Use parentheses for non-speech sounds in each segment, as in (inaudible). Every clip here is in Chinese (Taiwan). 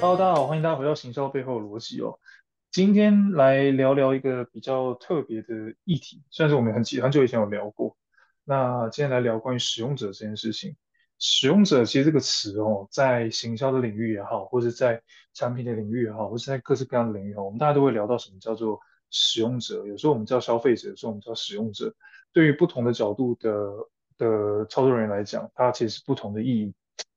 Hello，大家好，歡迎大家回到行銷背後的邏輯哦。今天來聊聊一個比較特別的議題，雖然是我們很久很久以前有聊過。那今天來聊關於使用者這件事情。使用者其實這個詞哦，在行銷的領域也好，或是在產品的領域也好，或是在各式各樣的領域也好，我們大家都會聊到什麼叫做使用者。有時候我們叫消費者，有時候我們叫使用者。對於不同的角度的的操作人員來講，它其實是不同的意義。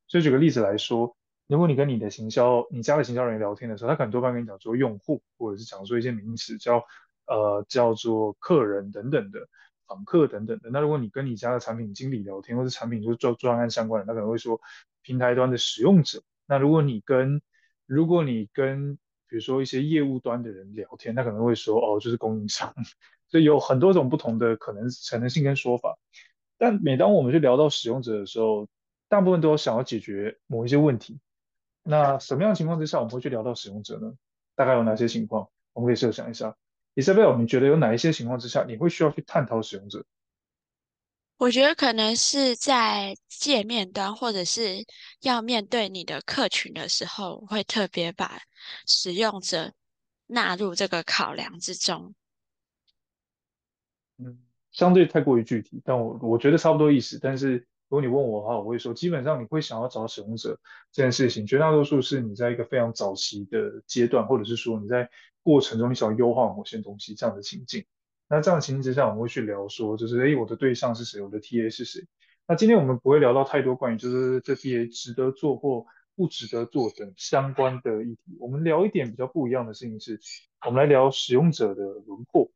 所以舉個例子來說。如果你跟你的行銷、你家的行銷人員聊天的時候，他可能多半跟你講說用戶，或者是講說一些名詞叫呃叫做客人等等的訪客等等的。那如果你跟你家的產品經理聊天，或者產品就是做專案相關的人，他可能會說平台端的使用者。那如果你跟如果你跟比如說一些業務端的人聊天，他可能會說哦，就是供應商。 (laughs) 所以有很多種不同的可能可能性跟說法。但每當我們就聊到使用者的時候，大部分都要想要解決某一些問題。那什麼樣的情況之下我們會去聊到使用者呢？大概有哪些情況？我們可以設想一下，伊莎貝爾，你覺得有哪一些情況之下你會需要去探討使用者？我覺得可能是在界面端，或者是要面對你的客群的時候，會特別把使用者納入這個考量之中。嗯，相對太過於具體，但我我覺得差不多意思，但是。如果你問我的話，我會說，基本上你會想要找使用者這件事情，絕大多數是你在一個非常早期的階段，或者是說你在過程中你想要優化某些東西這樣的情境。那這樣的情境之下，我們會去聊說，就是誒、哎，我的對象是誰，我的 TA 是誰。那今天我們不會聊到太多關於就是這 TA 值得做或不值得做等相關的議題。我們聊一點比較不一樣的事情是，是我們來聊使用者的輪廓。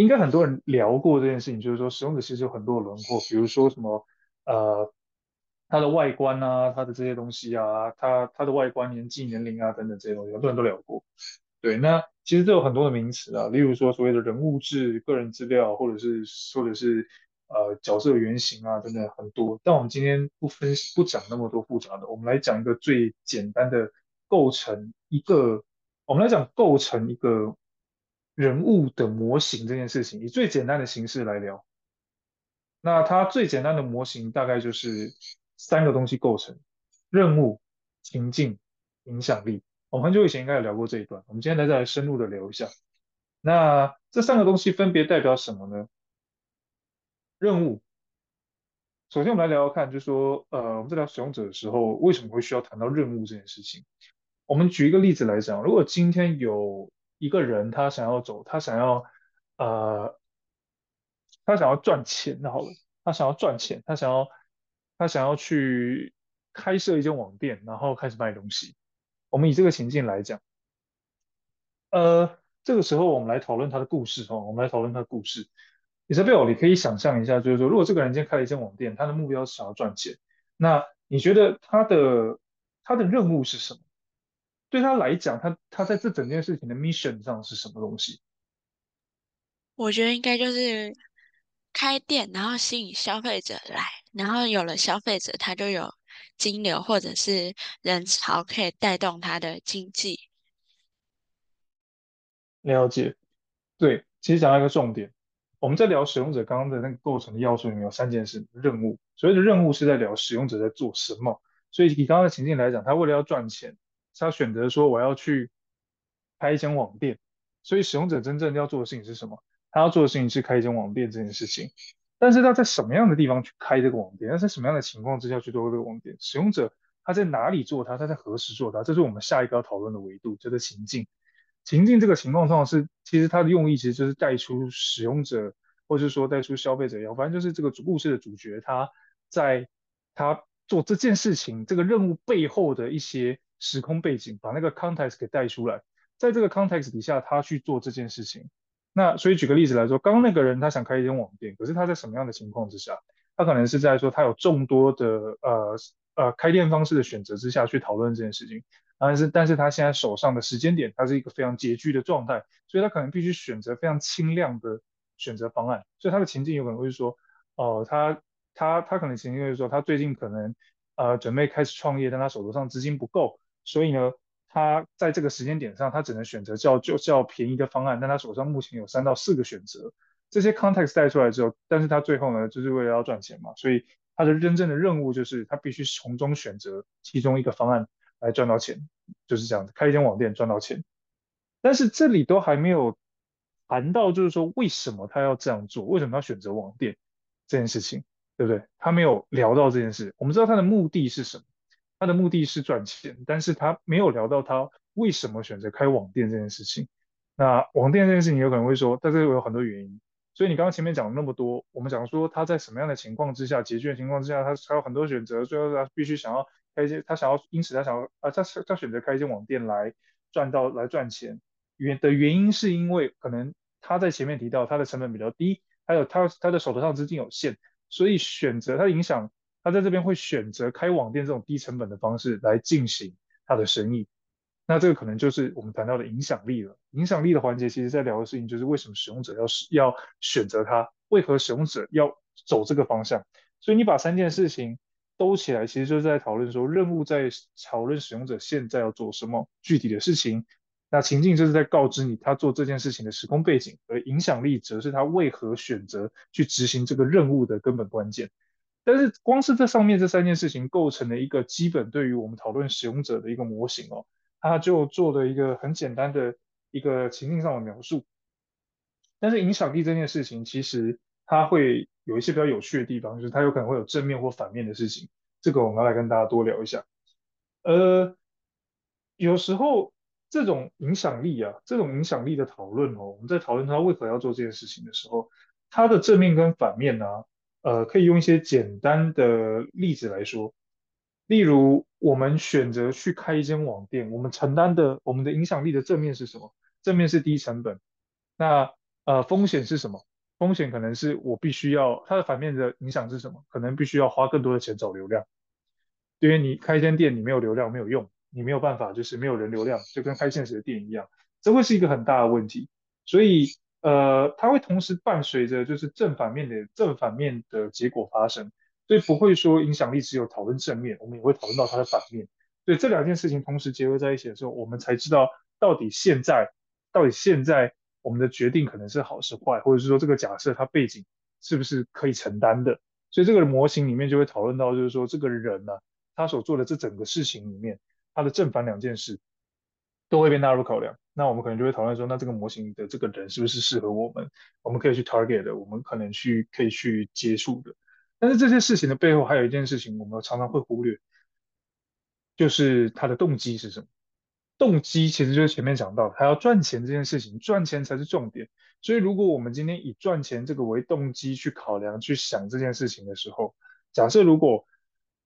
應該很多人聊過這件事情，就是說使用者其實有很多的輪廓，比如說什麼呃他的外觀啊，他的這些東西啊，他他的外觀年紀年齡啊等等這些東西，很多人都聊過。對，那其實都有很多的名詞啊，例如說所謂的人物志、個人資料，或者是說的是呃角色原型啊，等等很多。但我們今天不分析不講那麼多複雜的，我們來講一個最簡單的構成一個，我們來講構成一個。人物的模型這件事情，以最簡單的形式來聊。那它最簡單的模型大概就是三個東西構成：任務、情境、影響力。我們很久以前應該有聊過這一段，我們今天來再來深入的聊一下。那這三個東西分別代表什麼呢？任務。首先，我們來聊聊看，就是說，呃，我們在聊使用者的時候，為什麼會需要談到任務這件事情？我們舉一個例子來講，如果今天有。一個人他想要走，他想要，呃，他想要賺錢。那好了，他想要賺錢，他想要，他想要去開設一間網店，然後開始賣東西。我們以這個情境來講，呃，這個時候我們來討論他的故事哦，我們來討論他的故事。Isabel，你可以想象一下，就是說，如果這個人今天開了一間網店，他的目標是想要賺錢，那你覺得他的他的任務是什麼？對他來講，他他在這整件事情的 mission 上是什麼東西？我覺得應該就是開店，然後吸引消費者來，然後有了消費者，他就有金流或者是人潮可以帶動他的經濟。了解，對，其實講到一個重點，我們在聊使用者剛剛的那個構成的要素裡面有三件事：任務。所謂的任務是在聊使用者在做什麼。所以以剛剛的情境來講，他為了要賺錢。他選擇說，我要去開一間網店，所以使用者真正要做的事情是什麼？他要做的事情是開一間網店這件事情，但是他在什麼樣的地方去開這個網店？他在什麼樣的情況之下去做這個網店？使用者他在哪裡做他？他在何時做他？這是我們下一個要討論的維度，就是情境。情境這個情況上是，其實它的用意其實就是帶出使用者，或者說帶出消費者，要反正就是這個故事的主角，他在他做這件事情、這個任務背後的一些時空背景把那個 context 給帶出來，在這個 context 底下，他去做這件事情。那所以舉個例子來說，剛剛那個人他想開一間網店，可是他在什麼樣的情況之下？他可能是在說他有眾多的呃呃開店方式的選擇之下去討論這件事情。但是但是他現在手上的時間點，他是一個非常拮據的狀態，所以他可能必須選擇非常輕量的選擇方案。所以他的情境有可能會是說，哦、呃，他他他可能情境會是說，他最近可能呃準備開始創業，但他手頭上資金不夠。所以呢，他在這個時間點上，他只能選擇較就較、較便宜的方案。但他手上目前有三到四個選擇，這些 context 帶出來之後，但是他最後呢，就是為了要賺錢嘛，所以他的認真正的任務就是他必須從中選擇其中一個方案來賺到錢，就是這樣子，開一間網店賺到錢。但是這裡都還沒有談到，就是說為什麼他要這樣做，為什麼要選擇網店這件事情，對不對？他沒有聊到這件事。我們知道他的目的是什麼，他的目的是賺錢，但是他沒有聊到他為什麼選擇開網店這件事情。那網店這件事情有可能會說，但是有很多原因。所以你剛剛前面講了那麼多，我們講說他在什麼樣的情況之下，拮據的情況之下，他還有很多選擇，最後他必須想要開一些，他想要因此他想要啊，他他選擇開一間網店來賺到來賺錢。原的原因是因為可能他在前面提到他的成本比較低，還有他他的手頭上資金有限，所以選擇他的影響。他在這邊會選擇開網店這種低成本的方式來進行他的生意，那這個可能就是我們談到的影響力了。影響力的環節，其實在聊的事情就是為什麼使用者要要選擇他，為何使用者要走這個方向。所以你把三件事情兜起來，其實就是在討論說任務，在討論使用者現在要做什麼具體的事情，那情境就是在告知你他做這件事情的時空背景，而影響力則是他為何選擇去執行這個任務的根本關鍵。但是光是這上面這三件事情構成了一個基本，對於我們討論使用者的一個模型哦，他就做了一個很簡單的一個情境上的描述。但是影響力這件事情，其實它會有一些比較有趣的地方，就是它有可能會有正面或反面的事情。這個我們要來跟大家多聊一下。呃，有時候這種影響力啊，這種影響力的討論哦，我們在討論他為何要做這件事情的時候，它的正面跟反面呢、啊？呃，可以用一些簡單的例子來說，例如我們選擇去開一間網店，我們承擔的我們的影響力的正面是什麼？正面是低成本。那呃，風險是什麼？風險可能是我必須要，它的反面的影響是什麼？可能必須要花更多的錢找流量。因為你開一間店，你沒有流量沒有用，你沒有辦法就是沒有人流量，就跟開現實的店一樣，這會是一個很大的問題。所以。呃，它會同時伴隨着就是正反面的正反面的結果發生，所以不會說影響力只有討論正面，我們也會討論到它的反面。所以這兩件事情同時結合在一起的時候，我們才知道到底現在到底現在我們的決定可能是好是壞，或者是說這個假設它背景是不是可以承擔的。所以這個模型裡面就會討論到，就是說這個人呢、啊，他所做的這整個事情裡面，他的正反兩件事都會被納入考量。那我們可能就會討論說，那這個模型的這個人是不是適合我們？我們可以去 target 的，我們可能去可以去接觸的。但是這些事情的背後還有一件事情，我們常常會忽略，就是他的動機是什麼？動機其實就是前面講到，他要賺錢這件事情，賺錢才是重點。所以如果我們今天以賺錢這個為動機去考量，去想這件事情的時候，假設如果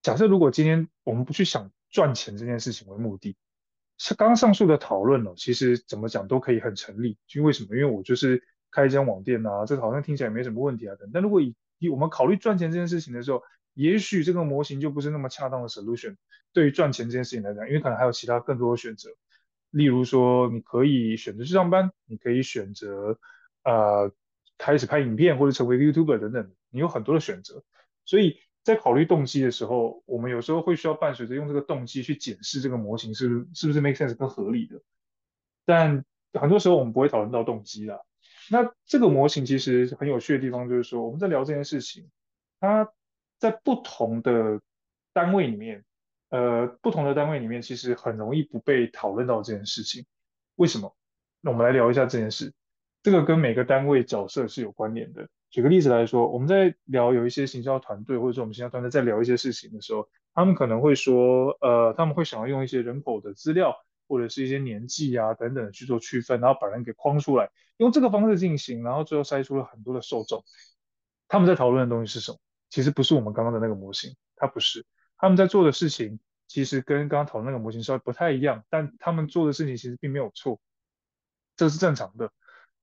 假設如果今天我們不去想賺錢這件事情為目的，是剛上述的討論了，其實怎麼講都可以很成立，因為什麼？因為我就是開一間網店啊，這個好像聽起來也沒什麼問題啊。但如果以我們考慮賺錢這件事情的時候，也許這個模型就不是那麼恰當的 solution 對於賺錢這件事情來講，因為可能還有其他更多的選擇，例如說你可以選擇去上班，你可以選擇啊、呃、開始拍影片或者成為 YouTuber 等等，你有很多的選擇，所以。在考慮動機的時候，我們有時候會需要伴隨着用這個動機去檢視這個模型是是不是 make sense、更合理的。但很多時候我們不會討論到動機了。那這個模型其實很有趣的地方就是說，我們在聊這件事情，它在不同的單位裡面，呃，不同的單位裡面其實很容易不被討論到這件事情。為什麼？那我們來聊一下這件事。這個跟每個單位角色是有關聯的。舉個例子來說，我們在聊有一些行銷團隊，或者說我們行銷團隊在聊一些事情的時候，他們可能會說，呃，他們會想要用一些人口的資料，或者是一些年紀啊等等的去做區分，然後把人給框出來，用這個方式進行，然後最後篩出了很多的受眾。他們在討論的東西是什麼？其實不是我們剛剛的那個模型，它不是。他們在做的事情其實跟剛剛討論那個模型稍微不太一樣，但他們做的事情其實並沒有錯，這是正常的。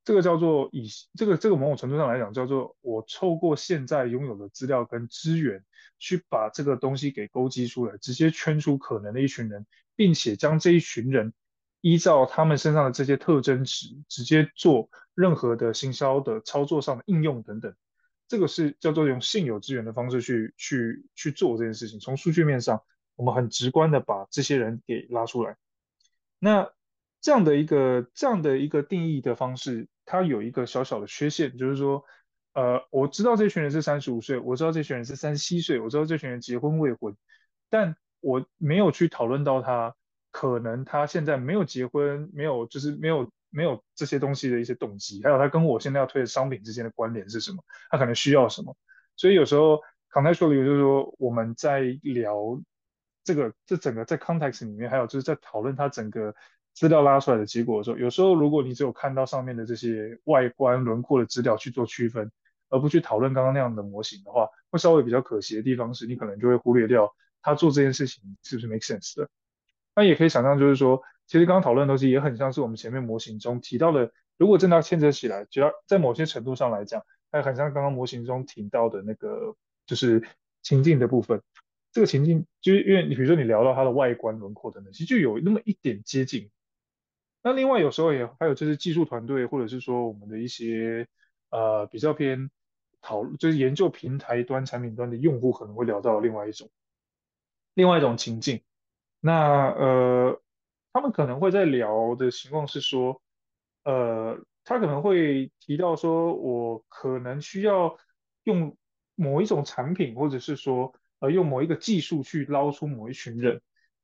這個叫做以這個這個某種程度上來講，叫做我透過現在擁有的資料跟資源，去把這個東西給勾稽出來，直接圈出可能的一群人，並且將這一群人依照他們身上的這些特徵值，直接做任何的行銷的操作上的應用等等。這個是叫做用現有資源的方式去去去做這件事情。從數據面上，我們很直觀的把這些人給拉出來。那這樣的一個這樣的一個定義的方式，他有一個小小的缺陷，就是說，呃，我知道這群人是三十五歲，我知道這群人是三十七歲，我知道這群人結婚未婚，但我沒有去討論到他可能他現在沒有結婚，沒有就是沒有沒有這些東西的一些動機，還有他跟我現在要推的商品之間的關聯是什麼，他可能需要什麼。所以有時候 contextually 就是說，我們在聊這個這整個在 context 裡面，還有就是在討論他整個。資料拉出來的結果的時候，有時候如果你只有看到上面的這些外觀輪廓的資料去做區分，而不去討論剛剛那樣的模型的話，會稍微比較可惜的地方是，你可能就會忽略掉他做這件事情是不是 make sense 的。那也可以想象，就是說，其實剛剛討論的東西也很像是我們前面模型中提到的，如果真的要牽扯起來，只要在某些程度上來講，它很像剛剛模型中提到的那個就是情境的部分。這個情境就是因為你比如說你聊到它的外觀輪廓等等，其實就有那麼一點接近。那另外有時候也還有就是技術團隊，或者是說我們的一些呃比較偏討論，就是研究平台端、產品端的用戶，可能會聊到另外一種另外一種情境。那呃，他們可能會在聊的情況是說，呃，他可能會提到說，我可能需要用某一種產品，或者是說呃用某一個技術去撈出某一群人，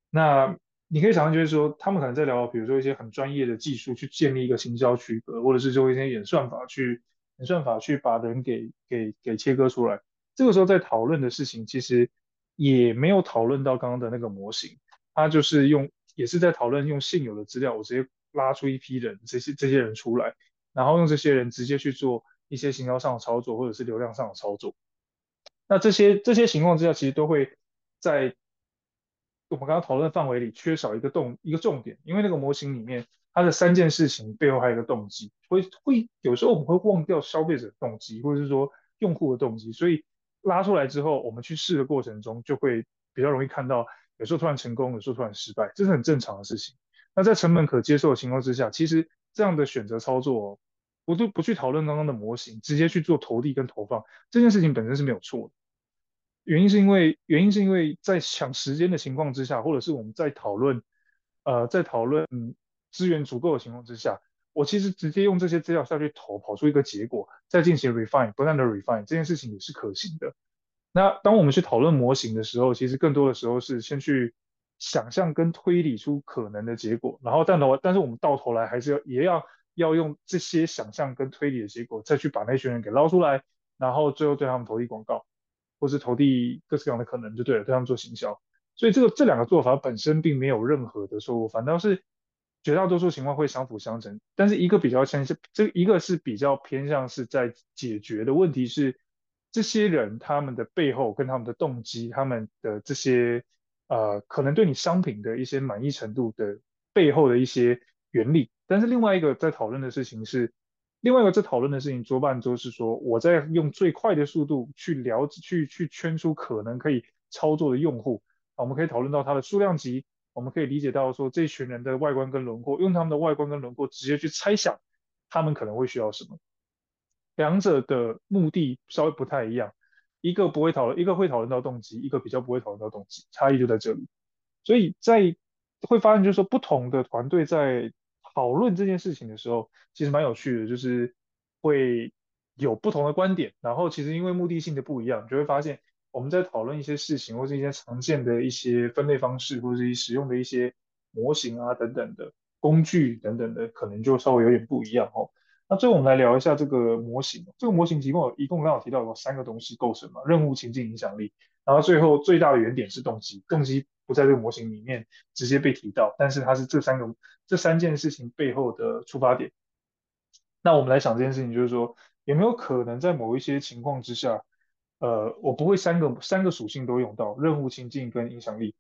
那。你可以想象，就是說，他們可能在聊、聊，比如說一些很專業的技術，去建立一個行銷區隔，或者是做一些演算法去，去演算法去把人給給給切割出來。這個時候在討論的事情，其實也沒有討論到剛剛的那個模型，它就是用，也是在討論用現有的資料，我直接拉出一批人，這些這些人出來，然後用這些人直接去做一些行銷上的操作，或者是流量上的操作。那這些這些情況之下，其實都會在。我們剛剛討論的範圍裡缺少一個動一個重點，因為那個模型裡面它的三件事情背後還有一個動機，所以會有時候我們會忘掉消費者的動機或者是說用戶的動機，所以拉出來之後，我們去試的過程中就會比較容易看到，有時候突然成功，有時候突然失敗，這是很正常的事情。那在成本可接受的情況之下，其實這樣的選擇操作，我都不去討論剛剛的模型，直接去做投遞跟投放這件事情本身是沒有錯的。原因是因為，原因是因為在搶時間的情況之下，或者是我們在討論，呃，在討論資源足夠的情況之下，我其實直接用這些資料下去投，跑出一個結果，再進行 refine，不斷的 refine，這件事情也是可行的。那當我們去討論模型的時候，其實更多的時候是先去想象跟推理出可能的結果，然後但頭，但是我們到頭來還是要也要要用這些想象跟推理的結果，再去把那群人給撈出來，然後最後對他們投遞廣告。或是投遞各式各樣的可能就對了，對他們做行銷，所以這個這兩個做法本身並沒有任何的錯誤，反倒是絕大多數情況會相輔相成。但是一個比較偏向，這一個是比較偏向是在解決的問題是這些人他們的背後跟他們的動機，他們的這些呃可能對你商品的一些滿意程度的背後的一些原理。但是另外一個在討論的事情是。另外一個在討論的事情，多半就是說，我在用最快的速度去聊，去去圈出可能可以操作的用戶啊，我們可以討論到它的數量級，我們可以理解到說這群人的外觀跟輪廓，用他們的外觀跟輪廓直接去猜想他們可能會需要什麼。兩者的目的稍微不太一樣，一個不會討論，一個會討論到動機，一個比較不會討論到動機，差異就在這裡。所以在會發現就是說，不同的團隊在。討論這件事情的時候，其實蠻有趣的，就是會有不同的觀點。然後，其實因為目的性的不一樣，你就會發現我們在討論一些事情，或者是一些常見的一些分類方式，或者一些使用的一些模型啊等等的工具等等的，可能就稍微有點不一樣哦。那最後，我們來聊一下這個模型。這個模型共一共一共剛好提到有三個東西構成嘛：任務、情境、影響力。然後最後最大的原點是動機，動機。不在這個模型裡面直接被提到，但是它是這三個這三件事情背後的出發點。那我們來想這件事情，就是說有沒有可能在某一些情況之下，呃，我不會三個三個屬性都用到任務情境跟影響力，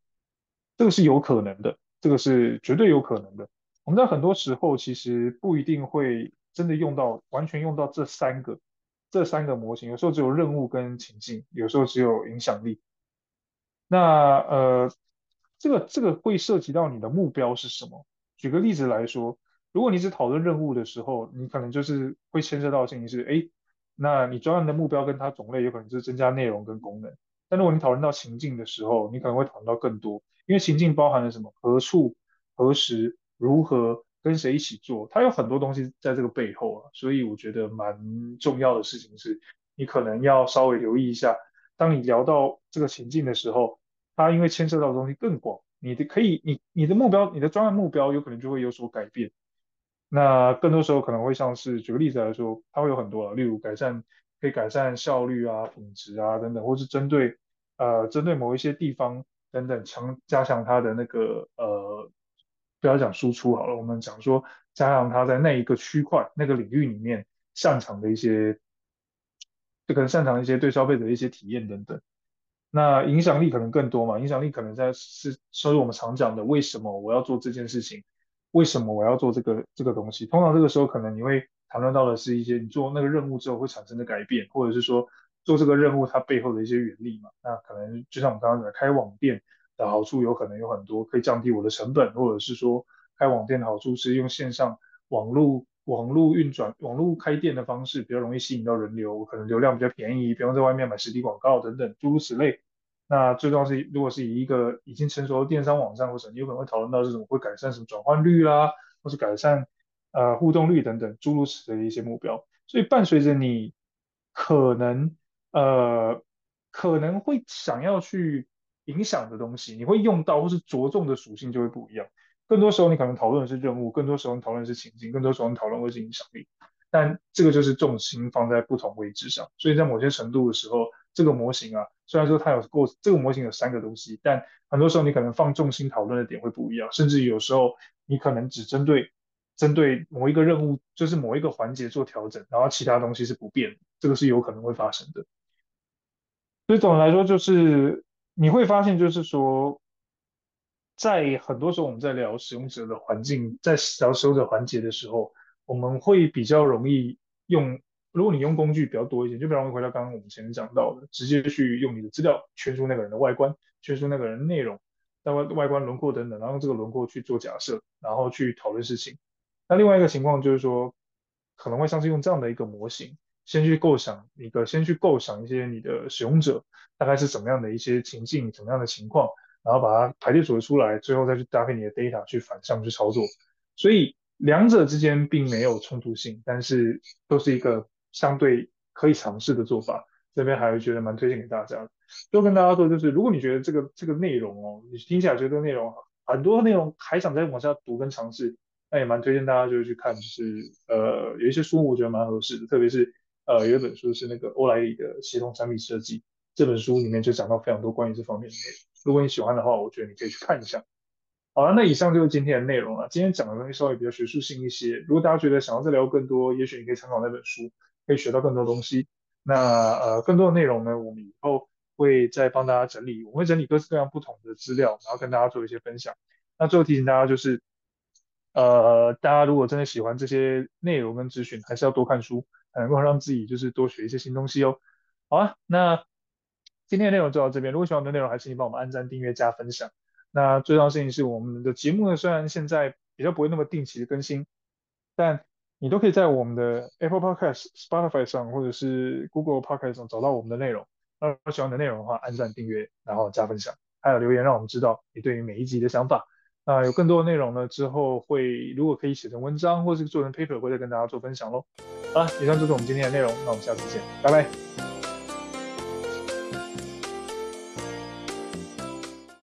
這個是有可能的，這個是絕對有可能的。我們在很多時候其實不一定會真的用到完全用到這三個這三個模型，有時候只有任務跟情境，有時候只有影響力。那呃。這個這個會涉及到你的目標是什麼？舉個例子來說，如果你只討論任務的時候，你可能就是會牽涉到的事情是，哎，那你專案的目標跟它種類有可能就是增加內容跟功能。但如果你討論到情境的時候，你可能會討論到更多，因為情境包含了什麼？何處、何時、如何、跟誰一起做，它有很多東西在這個背後啊。所以我覺得蠻重要的事情是，你可能要稍微留意一下，當你聊到這個情境的時候。它因為牽涉到的東西更廣，你的可以，你你的目標，你的專案目標有可能就會有所改變。那更多時候可能會像是，舉個例子來說，它會有很多，例如改善，可以改善效率啊、品質啊等等，或是針對呃針對某一些地方等等強加強它的那個呃，不要講輸出好了，我們講說加強它在那一個區塊那個領域裡面擅長的一些，就可能擅長一些對消費者的一些體驗等等。那影響力可能更多嘛？影響力可能在是，所以我們常講的，為什麼我要做這件事情？為什麼我要做這個這個東西？通常這個時候可能你會談論到的是一些你做那個任務之後會產生的改變，或者是說做這個任務它背後的一些原理嘛？那可能就像我剛剛講的開網店的好處，有可能有很多可以降低我的成本，或者是說開網店的好處是用線上網絡網絡運轉網絡開店的方式比較容易吸引到人流，可能流量比較便宜，不用在外面買實體廣告等等諸如此類。那最重要是，如果是以一個已經成熟的電商網站，或者你有可能會討論到這種會改善什麼轉換率啦、啊，或是改善呃互動率等等諸如此類的一些目標。所以伴隨着你可能呃可能會想要去影響的東西，你會用到或是着重的屬性就會不一樣。更多時候你可能討論的是任務，更多時候你討論的是情境，更多時候你討論的是影響力。但這個就是重心放在不同位置上，所以在某些程度的時候。這個模型啊，雖然說它有構，這個模型有三個東西，但很多時候你可能放重心討論的點會不一樣，甚至有時候你可能只針對針對某一個任務，就是某一個環節做調整，然後其他東西是不變，這個是有可能會發生的。所以總的來說，就是你會發現，就是說，在很多時候我們在聊使用者的環境，在聊使用者環節的時候，我們會比較容易用。如果你用工具比較多一些，就比方說，回到剛剛我們前面講到的，直接去用你的資料圈出那個人的外觀，圈出那個人的內容，外外觀輪廓等等，然後用這個輪廓去做假設，然後去討論事情。那另外一個情況就是說，可能會像是用這樣的一個模型，先去構想一個，先去構想一些你的使用者大概是怎麼樣的一些情境，怎麼樣的情況，然後把它排列組合出來，最後再去搭配你的 data 去反向去操作。所以兩者之間並沒有衝突性，但是都是一個。相對可以嘗試的做法，這邊還是覺得蠻推薦給大家的。就跟大家說，就是如果你覺得這個這個內容哦，你聽起來覺得內容很多內容，很多內容還想再往下讀跟嘗試，那也蠻推薦大家就是去看，就是呃有一些書我覺得蠻合適的，特別是呃有一本書是那個歐萊里的協同產品設計，這本書裡面就講到非常多關於這方面的內容。如果你喜歡的話，我覺得你可以去看一下。好了，那以上就是今天的內容了。今天講的東西稍微比較學術性一些，如果大家覺得想要再聊更多，也許你可以參考那本書。可以學到更多東西。那呃，更多的內容呢，我們以後會再幫大家整理。我會整理各式各樣不同的資料，然後跟大家做一些分享。那最後提醒大家就是，呃，大家如果真的喜歡這些內容跟資訊，還是要多看書，能夠讓自己就是多學一些新東西哦。好啊，那今天的內容就到這邊。如果喜歡我們的內容，還請你幫我們按讚、訂閱、加分享。那最重要的事情是，我們的節目呢，雖然現在比較不會那麼定期的更新，但你都可以在我們的 Apple Podcast、Spotify 上，或者是 Google Podcast 上找到我們的內容。那如果喜歡的內容的話，按讚、訂閱，然後加分享，還有留言，讓我們知道你對於每一集的想法。那有更多的內容呢，之後會如果可以寫成文章，或是做成 paper，會再跟大家做分享嘍。好了，以上就是我們今天的內容，那我們下次見，拜拜。